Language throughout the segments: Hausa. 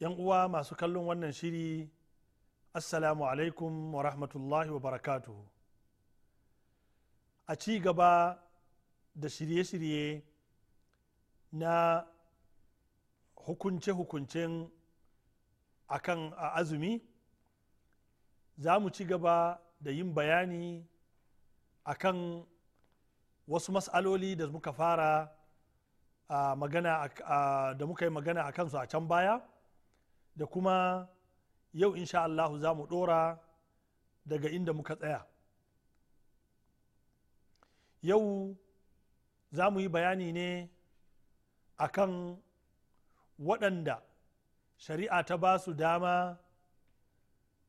yan uwa masu kallon wannan shiri assalamu alaikum wa rahmatullahi wa barakatu. a ci gaba da shirye-shirye na hukunce-hukuncen akan a azumi za mu ci gaba da yin bayani akan wasu mas'aloli da muka fara da muka yi magana a kansu a can baya da kuma yau insha Allahu za mu ɗora daga inda muka tsaya yau za mu yi bayani ne akan waɗanda shari'a ta ba su dama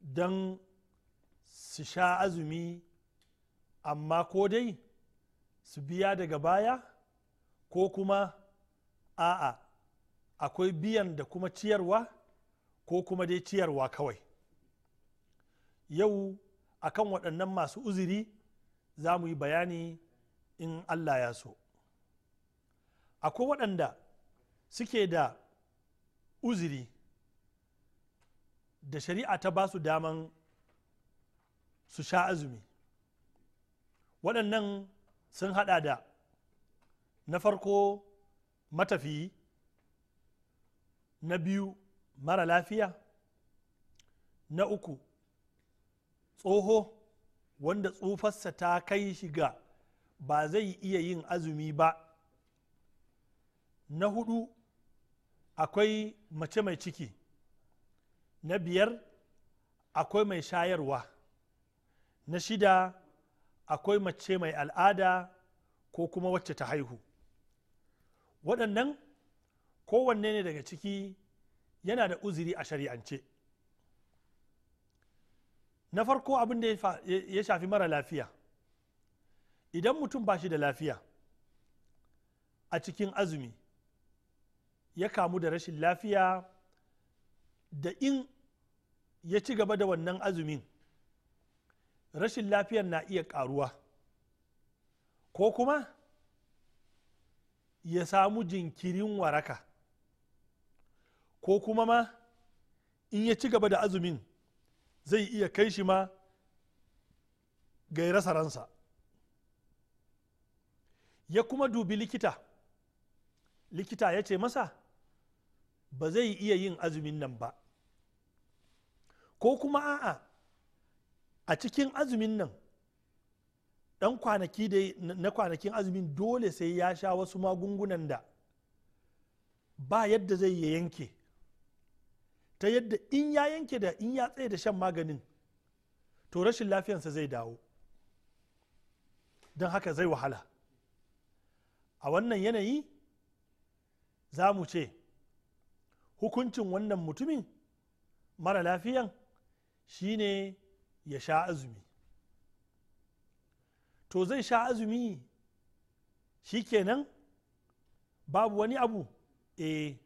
don su sha azumi amma ko dai su biya daga baya ko kuma a'a akwai biyan da kuma ciyarwa ko kuma dai ciyarwa kawai yau a kan waɗannan masu uzuri za mu yi bayani in allah ya so akwai waɗanda suke da uzuri da shari'a ta ba su daman su sha azumi waɗannan sun haɗa da na farko matafiyi na biyu mara lafiya na uku tsoho wanda tsufarsa ta kai shi ga ba zai iya yin azumi ba na hudu akwai mace mai ciki na biyar akwai mai shayarwa na shida akwai mace mai al'ada ko kuma wacce ta haihu waɗannan kowanne ne daga ciki yana da uziri a shari'ance na farko abin da ya shafi mara lafiya idan mutum ba shi da lafiya a cikin azumi ya kamu da rashin lafiya da in ya ci gaba da wannan azumin rashin lafiyar na iya karuwa ko kuma ya samu jinkirin waraka ko kuma ma in ya ci gaba da azumin zai iya kai shi ma ga rasa ransa ya kuma dubi likita likita ya ce masa ba zai iya yin azumin nan ba ko kuma a'a a cikin azumin nan dan kwanaki da na kwanakin azumin dole sai ya sha wasu magungunan da ba yadda zai ya yanke ta yadda in ya yanke da in ya tsaye da shan maganin to rashin lafiyansa zai dawo don haka zai wahala a wannan yanayi za mu ce hukuncin wannan mutumin mara lafiyan shine ya sha azumi to zai sha azumi shi kenan babu wani abu e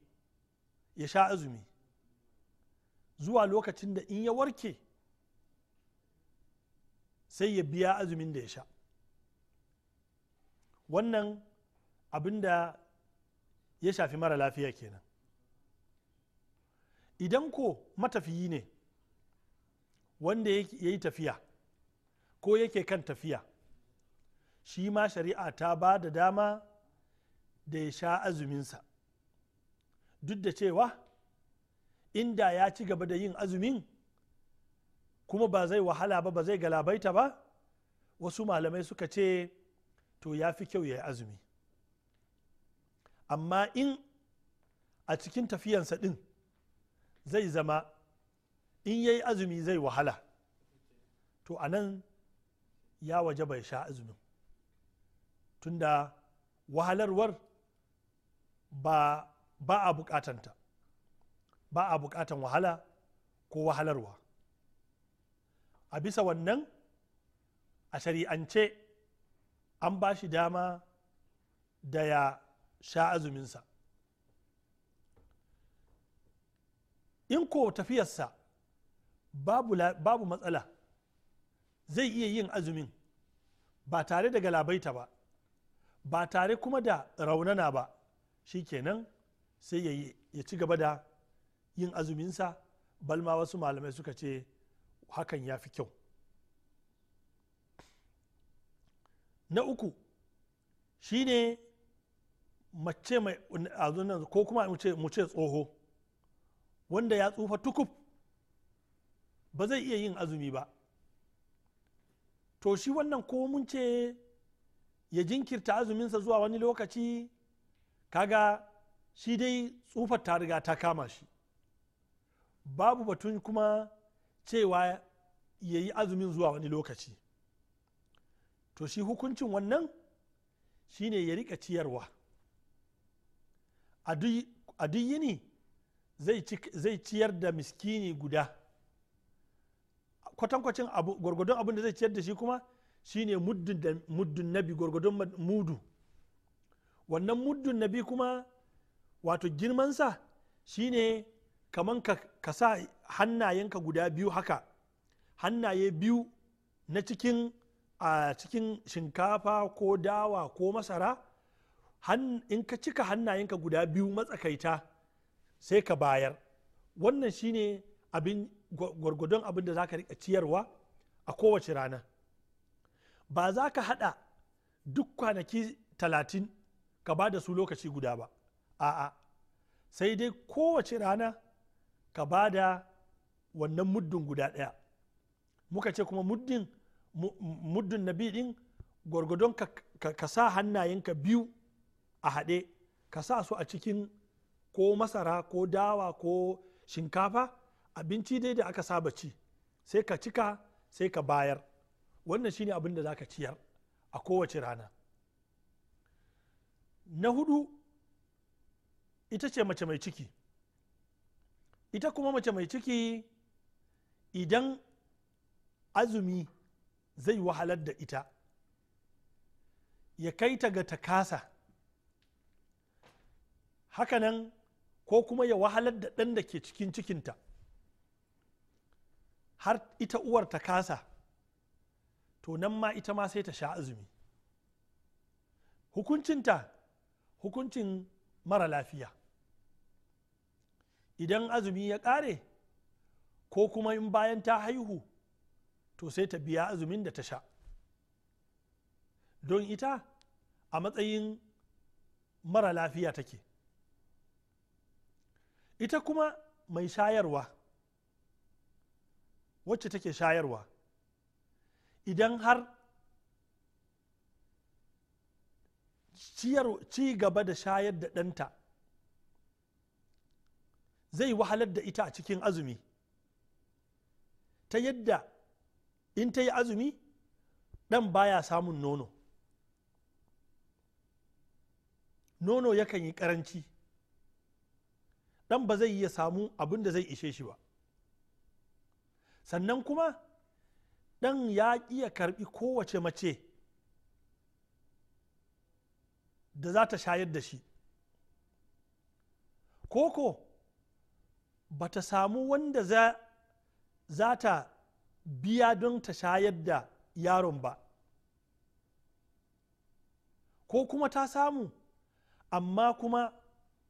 ya sha azumi zuwa lokacin da in ya warke sai ya biya azumin da ya sha wannan abin da ya shafi mara lafiya kenan idan ko matafiyi ne wanda ya yi tafiya ko yake kan tafiya shi ma shari'a ta ba da dama da ya sha azuminsa duk da cewa inda ya ci gaba da yin azumin kuma ba zai wahala ba ba zai galabaita ba wasu malamai suka ce to ya fi kyau ya yi azumi amma in a cikin tafiyansa ɗin zai zama in ya yi azumi zai wahala to a nan ya waje bai sha azumin tunda wahalarwar ba, ba a bukatanta ba a bukatan wahala ko wahalarwa a bisa wannan a shari'ance an ba shi dama da ya sha azuminsa in ko tafiyarsa babu, babu matsala zai iya yin azumin ba tare da galabaita ba ba tare kuma da raunana ba shi kenan sai ya ci gaba da yin azuminsa balma wasu malamai suka ce hakan ya fi kyau na uku shine mace mai azunan ko kuma mu ce tsoho wanda ya tsufa tukub ba zai iya yin azumi ba to shi wannan ko mun ce ya jinkirta azuminsa zuwa wani lokaci kaga shi dai tsufar ta riga ta kama shi babu batun kuma cewa ya yi azumin zuwa wani lokaci to shi hukuncin wannan shine ya rika ciyarwa a duk yini zai ciyar da miskini guda kwatankwacin gwargwadon abin da zai ciyar da shi kuma shine muddun nabi gwargwadon mudu wannan muddun nabi kuma wato girmansa shine kaman ka ka sa hannayenka guda biyu haka hannaye biyu na cikin a cikin shinkafa ko dawa ko masara in ka cika hannayenka guda biyu matsakaita sai ka bayar wannan shine abin gwargwadon abin da za ka rika ciyarwa a kowace rana ba za ka hada duk kwanaki talatin ka ba da su lokaci guda ba a'a sai dai kowace rana ka ba da wannan muddin guda ɗaya muka ce kuma muddin muddin na ɗin gwargwadon ka sa hannayenka biyu a haɗe ka sa su a cikin ko masara ko dawa ko shinkafa abinci dai da aka saba ci sai ka cika sai ka bayar wannan shine abin da za ka ciyar a kowace rana na hudu ita ce mace mai ciki ita kuma mace mai ciki idan azumi zai wahalar da ita ya kai ta ga takasa hakanan ko kuma ya wahalar da ɗan da ke cikin cikinta har ita uwar ta kasa to nan ma ita ma sai ta sha azumi hukuncinta hukuncin mara lafiya idan azumi ya ƙare ko kuma in bayan ta haihu to sai ta biya azumin da ta sha don ita a matsayin mara lafiya take ita kuma mai shayarwa wacce take shayarwa idan har ci gaba da shayar da ɗanta zai wahalar da ita a cikin azumi ta yadda in ta yi azumi ɗan baya samun nono nono yakan yi ƙaranci ɗan ba zai iya samu abin da zai ishe shi ba sannan kuma ɗan ya iya karɓi kowace mace da za ta shayar da shi koko ba ta samu wanda za ta biya don ta shayar da yaron ba ko kuma ta samu amma kuma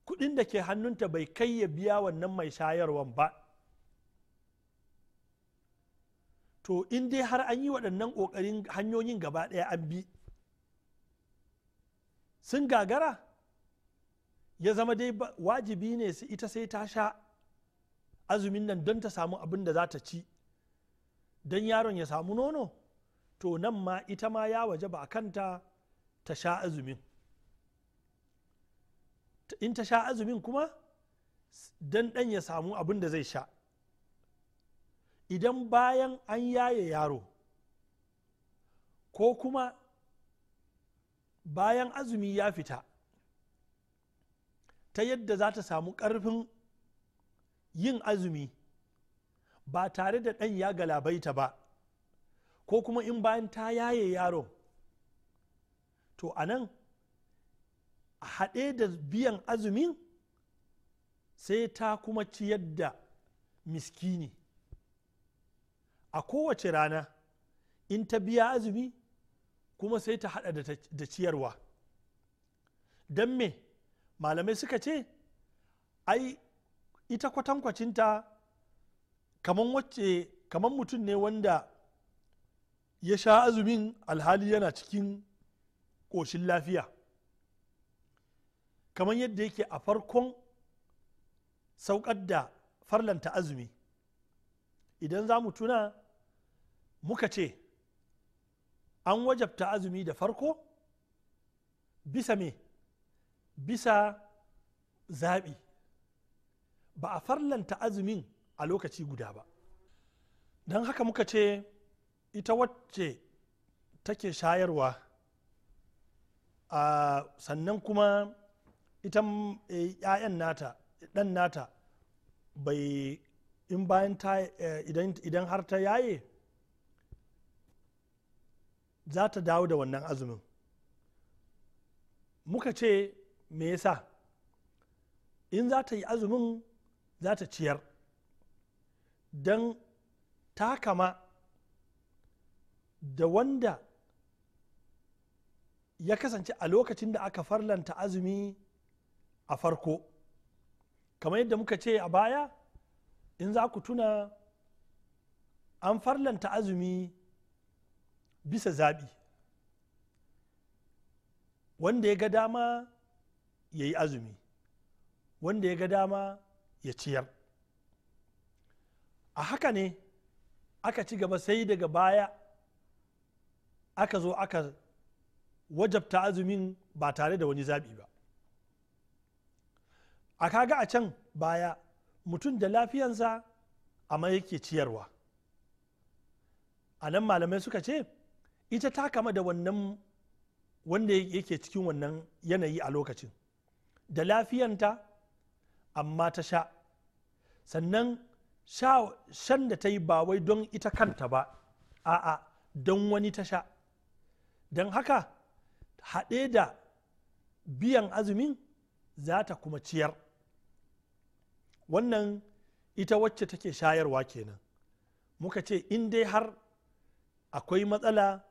kudin da ke hannunta bai kai ya biya wannan mai shayarwan ba to in dai har an yi waɗannan ƙoƙarin hanyoyin gaba ɗaya an bi sun gagara ya zama dai wajibi ne su ita sai ta sha azumin nan don ta samu abin da za ta ci don yaron ya samu nono to nan ma ita ma ya waje ba a kanta ta sha azumin in ta sha azumin kuma don ɗan ya samu abin da zai sha idan bayan an yaye yaro ko kuma bayan azumi ya fita ta yadda za ta samu ƙarfin yin azumi ba tare da ɗan ya galabaita ba ko kuma in bayan ta yaye yaron to a nan a haɗe da biyan azumin sai ta kuma ciyar da miskini a kowace rana in ta biya azumi kuma sai ta haɗa da ciyarwa don me malamai suka ce ai ita kwatankwacinta kamar wacce kamar mutum ne wanda ya sha azumin alhali yana cikin ƙoshin lafiya kaman yadda yake a farkon saukar da farlanta azumi idan za mu tuna muka ce an wajabta azumi da farko bisa me bisa zaɓi ba a farlanta azumin a lokaci guda ba don haka muka ce ita wacce take shayarwa a sannan kuma ita e, 'ya'yan nata ɗan nata bai in bayan ta e, idan har ta yaye za ta dawo da wannan azumin muka ce me yasa in za ta yi azumin za ta ciyar don ta kama da wanda ya kasance a lokacin da aka farlanta azumi a farko kamar yadda muka ce a baya in za ku tuna an farlanta azumi bisa zaɓi wanda ya ga dama ya yi azumi wanda ya ga dama ya ciyar a haka ne aka ci gaba sai daga baya aka zo aka wajabta azumin ba tare da wani zaɓi ba a kaga a can baya mutum da lafiyansa amma yake ciyarwa a nan malamai suka ce ita ta kama da wannan wanda yake cikin wannan yanayi a lokacin da lafiyanta amma ta sha sannan shan da ta yi ba wai don ita kanta ba a'a don wani ta sha don haka haɗe da biyan azumin za ta kuma ciyar wannan ita wacce take shayarwa kenan muka ce in dai har akwai matsala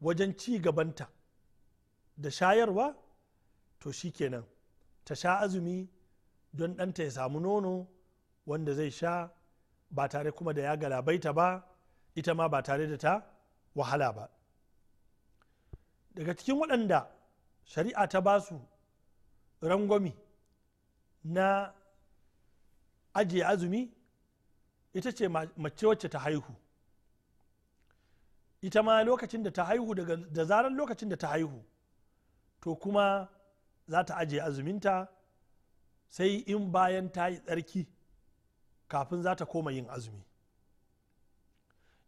wajen ci gabanta da shayarwa to shi kenan ta sha azumi don ɗanta ya samu nono wanda zai sha ba tare kuma da ya galabaita ba ita ma ba tare da ta wahala ba daga cikin waɗanda shari'a ta ba su rangwami na ajiye azumi ita ce mace wacce ta haihu ita ma lokacin da ta haihu da zarar lokacin da ta haihu to kuma za ta ajiye azuminta sai in bayan ta yi tsarki kafin za ta koma yin azumi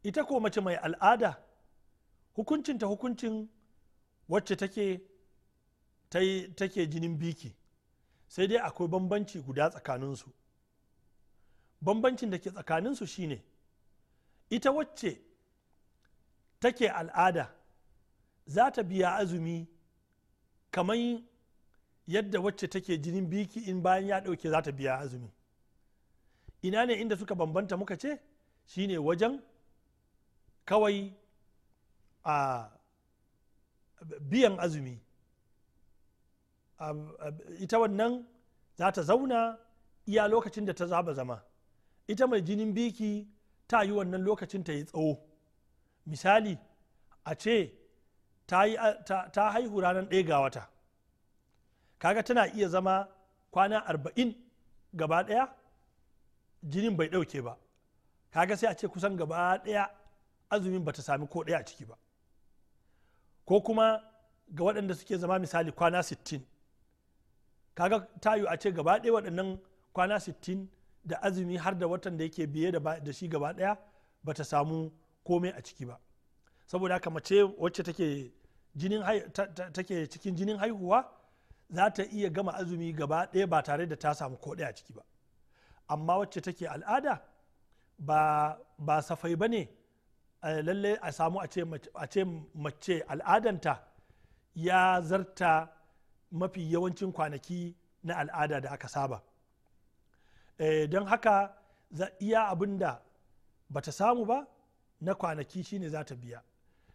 ita ko mace mai al'ada hukuncinta hukuncin wacce take take jinin biki sai dai akwai bambanci guda tsakaninsu bambancin da ke tsakaninsu shine ita wacce take al'ada za ta biya azumi kamar yadda wacce take jinin biki in bayan ya ɗauke za ta biya azumi ina ne inda suka bambanta muka ce shine wajen kawai a biyan azumi ita wannan za ta zauna iya lokacin da ta zaba zama ita mai jinin biki ta yi wannan lokacin ta yi tsawo misali a ce ta haihu ranar ɗaya ga wata kaga tana iya zama kwana arba'in gaba ɗaya jinin bai ɗauke ba kaga sai a ce kusan gaba ɗaya azumin bata sami ko ɗaya a ciki ba ko kuma ga waɗanda suke zama misali kwana sittin kaga tayu a ce gaba ɗaya waɗannan kwana sittin da azumi har da watan da yake biye da shi gaba ɗaya bata samu komai a ciki ba saboda haka mace wacce take cikin jinin haihuwa za ta iya gama azumi gaba ɗaya ba tare da ta samu ko ɗaya ciki ba amma wacce take al'ada ba ba safai ba ne lalle a samu a ce mace al'adanta ya zarta mafi yawancin kwanaki na al'ada da aka saba eh, don haka za iya abin da ba ta samu ba na kwanaki shine za ta biya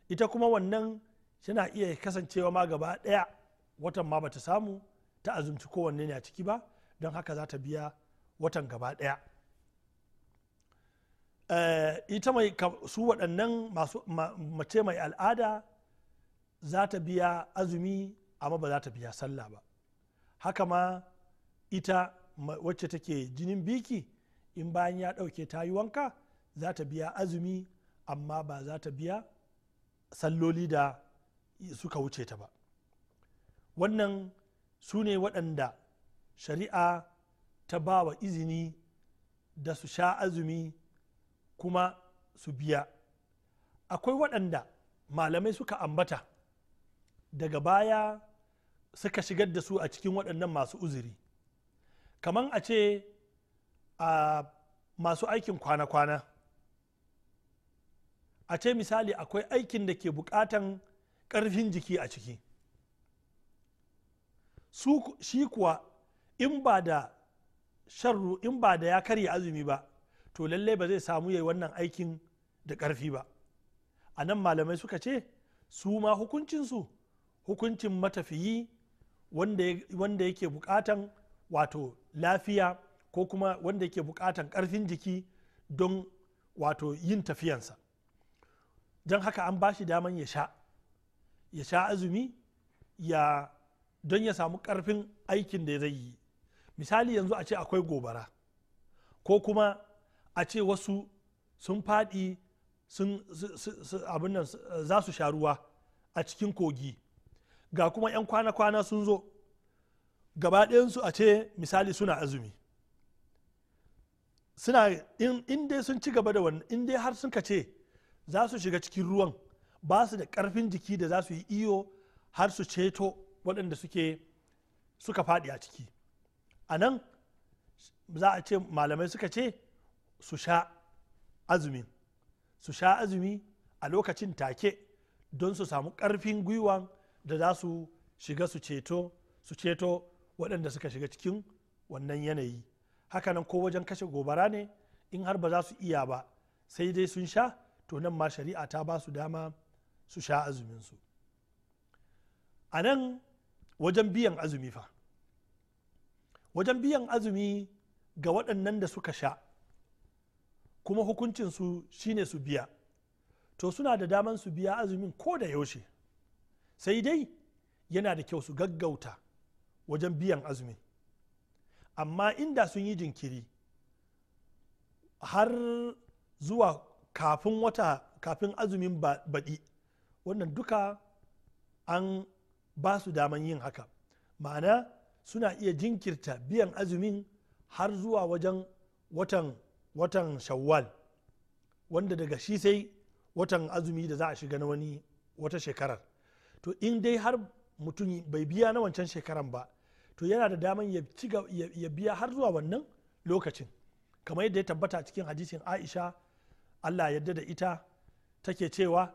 ita kuma wannan tana iya kasancewa ma gaba ɗaya watan ma bata samu ta azumci kowanne ne a ciki ba don haka za ta biya watan gaba ɗaya eh, ita mai su waɗannan mace mai al'ada za ta biya azumi amma ba za ta biya sallah ba haka ma ita wacce take jinin biki in bayan ya ɗauke ta yi wanka za ta biya azumi amma ba za ta biya salloli da suka wuce ta ba wannan su ne waɗanda shari'a ta ba wa izini da su sha azumi kuma su biya akwai waɗanda malamai suka ambata daga baya suka shigar da su a cikin waɗannan masu uzuri kamar a ce a masu aikin kwana-kwana a ce misali akwai aikin da ke buƙatan ƙarfin jiki a ciki shi kuwa in ba da sharru in ba da ya karya azumi ba to lallai ba zai samu yayi wannan aikin da ƙarfi ba a nan malamai suka ce su ma hukuncinsu hukuncin matafiyi wanda yake bukatan wato lafiya ko kuma wanda yake bukatan ƙarfin jiki don wato yin tafiyansa don haka an ba shi daman ya sha azumi ya don ya samu karfin aikin da ya zai yi misali yanzu a ce akwai gobara ko kuma a ce wasu sun faɗi sun abin nan za su sha ruwa a cikin kogi ga kuma 'yan kwana-kwana sun zo gaba su a ce misali suna azumi suna in dai sun ci gaba da wannan in dai har sun ce za su shiga cikin ruwan ba su da ƙarfin jiki da za su yi iyo har su ceto waɗanda suke suka faɗi a ciki a nan za a ce malamai suka ce su sha azumin su sha azumi a lokacin take don su samu ƙarfin gwiwan da za su shiga su ceto su ceto waɗanda suka shiga cikin wannan yanayi hakanan ko wajen kashe gobara ne in har ba za su iya ba sai dai sun sha to nan ma shari'a ta ba su dama su sha azuminsu a nan wajen biyan azumi fa wajen biyan azumi ga waɗannan da suka sha kuma hukuncinsu shine su biya to suna da daman su biya azumin ko da yaushe sai dai yana da kyau su gaggauta wajen biyan azumi amma inda sun yi jinkiri har zuwa kafin wata kafin azumin baɗi wannan duka an ba su daman yin haka ma'ana suna iya jinkirta biyan azumin har zuwa wajen watan watan shawwal wanda daga shi sai watan azumi da za a shiga na wani wata shekarar to in dai har mutum bai biya na wancan shekaran ba to yana da daman ya biya har zuwa wannan lokacin kamar yadda ya tabbata cikin hadisin aisha allah yadda da ita take cewa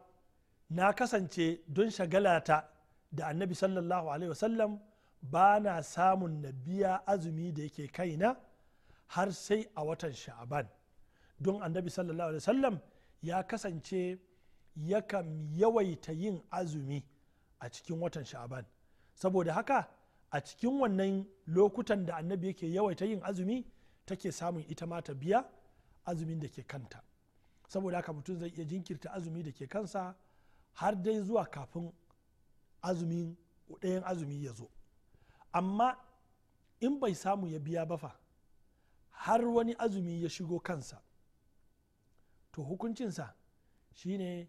na kasance don shagalata da annabi sallallahu alaihi wasallam ba na samun na biya azumi da yake kaina har sai a watan sha'aban don annabi sallallahu alaihi wasallam ya kasance yakan yawaita yin azumi a cikin watan sha'aban saboda haka a cikin wannan lokutan da annabi yake yawaita yin azumi take samun ita ma ta biya azumin da ke kanta saboda haka mutum zai iya jinkirta azumi da ke kansa har dai zuwa kafin azumin ɗayan azumi ya zo amma in bai samu ya biya ba fa har wani azumi ya shigo kansa to hukuncinsa shine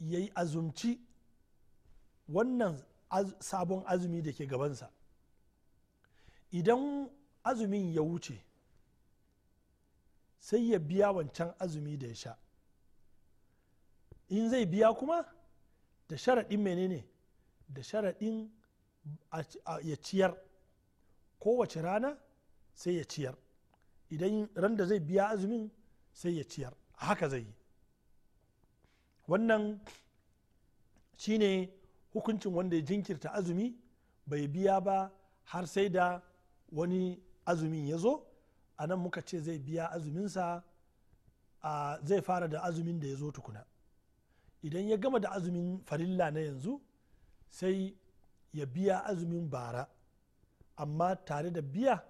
ya yi azumci wannan az, sabon azumi da ke gabansa idan azumin ya wuce sai ya biya wancan azumi da ya sha in zai biya kuma da sharaɗin menene da sharaɗin ya ciyar kowace rana sai ya ciyar idan ran da zai biya azumin sai ya ciyar haka zai yi wannan shine hukuncin wanda ya jinkirta azumi bai biya ba har sai da wani azumin ya zo a nan muka ce zai biya azuminsa zai fara da azumin da ya zo tukuna idan ya gama da azumin farilla na yanzu sai ya biya azumin bara amma tare da biya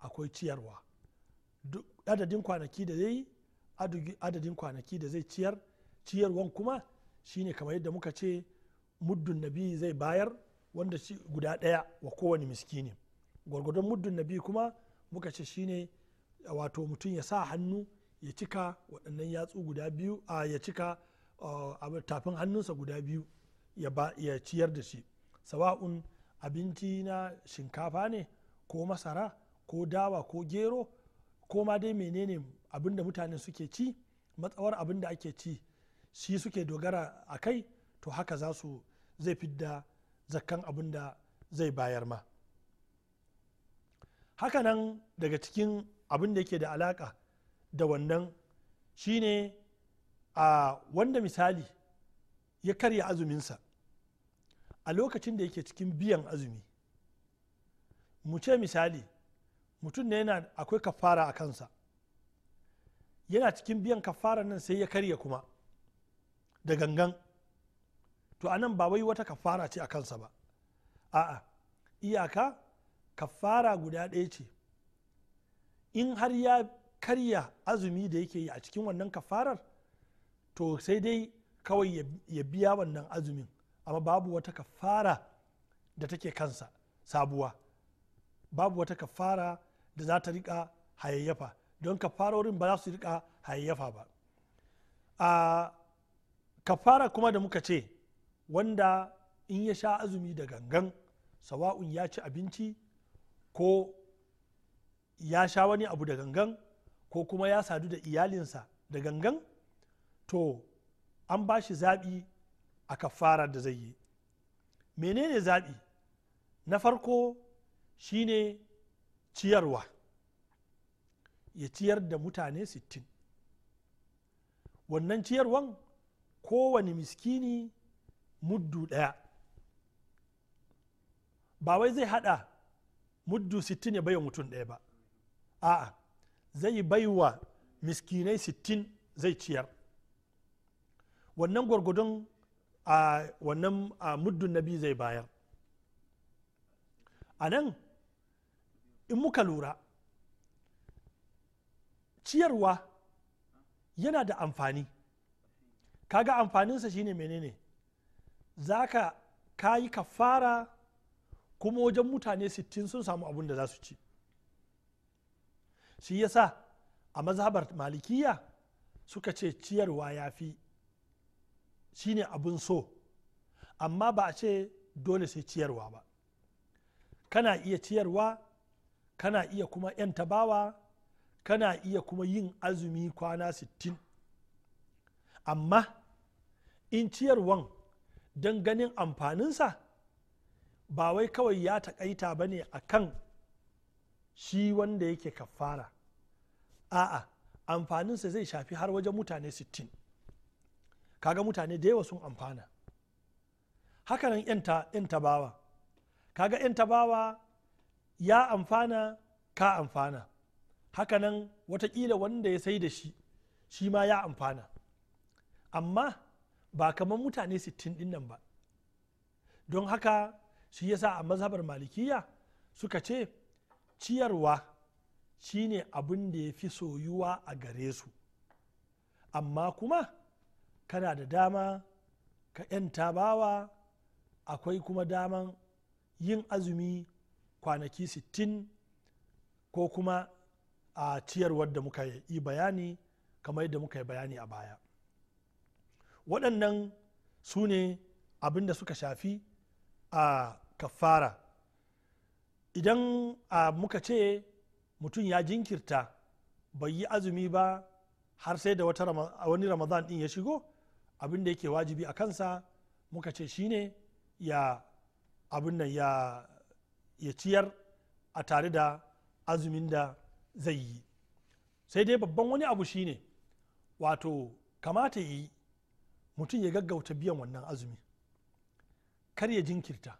akwai ciyarwa adadin kwanaki da zai adadin kwanaki da zai ciyar ciyarwan kuma shine kamar yadda muka ce muddun nabi zai bayar wanda shi guda ɗaya wa kowane miskini gwargwadon muddun nabi kuma muka ce shine wato mutum ya sa hannu ya cika waɗannan yatsu guda biyu a ya cika tafin hannunsa guda biyu ya ciyar da shi sawa'un abinci na shinkafa ne ko masara ko dawa ko gero ko ma dai menene abin da mutane suke ci matsawar abin da ake ci shi suke dogara a kai to haka za su zai fidda zakkan abin da zai bayar ma hakanan daga cikin abin da yake da alaka da wannan shine a wanda misali ya karya azuminsa a lokacin da yake cikin biyan azumi mu ce misali mutum ne yana akwai kafara a kansa yana cikin biyan kafara nan sai ya karya kuma da gangan to a nan ba wai wata kafara ce a kansa ba a'a iyaka kafara guda ɗaya ce in har ya karya azumi da yake yi a cikin wannan kafarar to sai dai kawai ya biya wannan azumin amma babu wata kafara da take kansa sabuwa babu wata kafara da za ta rika hayayyafa don kafarorin ba za su rika hayayyafa ba a kafara kuma da muka ce wanda in ya sha azumi da gangan sawa'un ya ci abinci ko ya sha wani abu da gangan ko kuma ya sadu da iyalinsa da gangan to an ba shi zaɓi a kafara da zai yi menene zaɓi na farko shine ciyarwa ya ciyar da mutane sittin wannan ciyarwan kowane miskini muddu ɗaya ba wai zai haɗa muddu sittin ya baiwa mutum ɗaya ba a'a zai baiwa miskinai sittin zai ciyar wannan gwargwadon a wannan na nabi zai bayar a nan in muka lura ciyarwa yana da amfani kaga amfaninsa shine menene za ka kayi fara kuma wajen mutane sittin sun samu abin da za su ci shi yasa a mazhabar malikiya suka ce ciyarwa ya fi shine abun so amma ba a ce dole sai ciyarwa ba kana iya ciyarwa kana iya kuma 'yan tabawa kana iya kuma yin azumi kwana 60 amma in ciyarwan don ganin amfaninsa ba wai kawai ya taƙaita ba ne a kan shi wanda yake kafara a'a amfaninsa zai shafi har wajen mutane 60 kaga mutane da yawa sun amfana hakanan yan tabawa kaga yan tabawa ya amfana ka amfana hakanan watakila wanda ya sai da shi shi ma ya amfana amma ba kamar mutane 60 din ba don haka shi yasa a mazhabar malikiya suka ce ciyarwa shine abin da ya fi soyuwa a gare su amma kuma kana da dama ka yan tabawa akwai kuma daman yin azumi kwanaki 60 ko kuma a ciyarwar da muka yi bayani kamar da muka yi bayani a baya waɗannan su ne abin da suka shafi a kafara idan a muka ce mutum ya jinkirta bai yi azumi ba har sai da wani ramadan ɗin ya shigo abin da yake wajibi a kansa muka ce shine ya abin nan ya ciyar a tare da azumin da zai yi sai dai babban wani abu shine wato kamata yi mutum ya gaggauta biyan wannan azumi kar ya jinkirta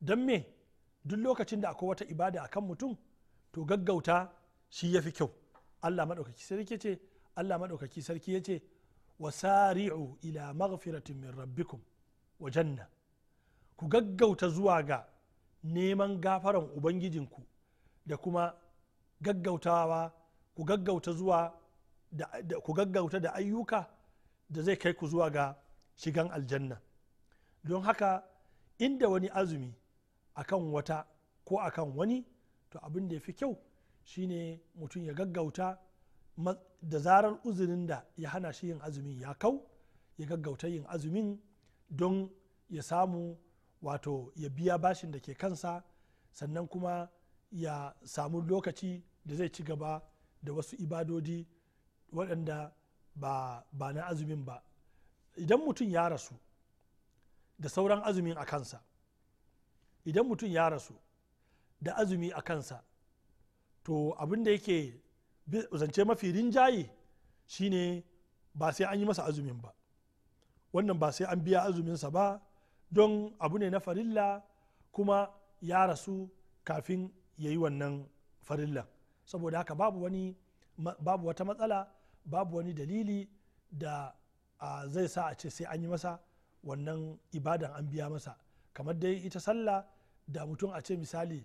don me duk lokacin da akwai wata ibada a kan mutum to gaggauta shi ya fi kyau allah maɗaukaki sarki ce allah maɗaukaki sarki ya ce wasari'u ila maghfiratin min rabbikum wa janna ku gaggauta zuwa ga neman gafaran ubangijinku da kuma gaggautawa ku gaggauta zuwa da, ku gaggauta da ayyuka da zai kai ku zuwa ga shigan aljanna don haka inda wani azumi akan wata ko akan wani to abin da ya fi kyau shine mutum ya gaggauta da zarar uzurin da ya hana shi yin azumin ya kau ya gaggauta yin azumin don ya samu wato ya biya bashin da ke kansa sannan kuma ya samu lokaci da zai ci gaba da wasu ibadodi waɗanda ba, ba na azumin ba idan mutum ya rasu da sauran azumin a kansa idan mutum ya rasu da azumi a kansa to abin da yake zance mafi rinjaye shine ba sai an yi masa azumin ba wannan ba sai an biya azuminsa ba don abu ne na farilla kuma ya rasu kafin ya yi wannan farilla saboda haka babu wani babu wata matsala babu wani dalili da a zai sa a ce sai an yi masa wannan ibadan an biya masa kamar dai ita sallah da mutum a ce misali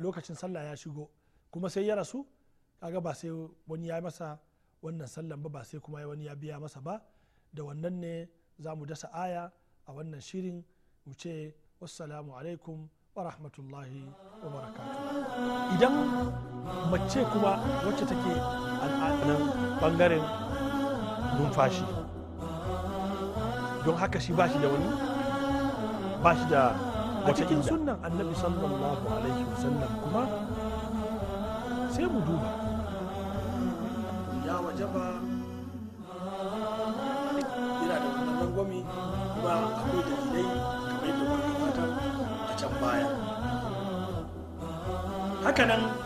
lokacin sallah ya shigo kuma sai ya rasu kaga ba sai wani ya masa wannan sallan ba ba sai kuma wani ya biya masa ba da wannan ne za mu dasa aya a wannan shirin mu ce wassalamu alaikum wa rahmatullahi wa barakatu idan mace kuma wacce take al'adunan bangaren numfashi don haka shi ba da wani ba shi da a cikin sunan annabi sallallahu alaihi wasallam kuma sai mu duba waje ba yana da wannan rangwami kuma akwai kamar yadda a can baya hakanan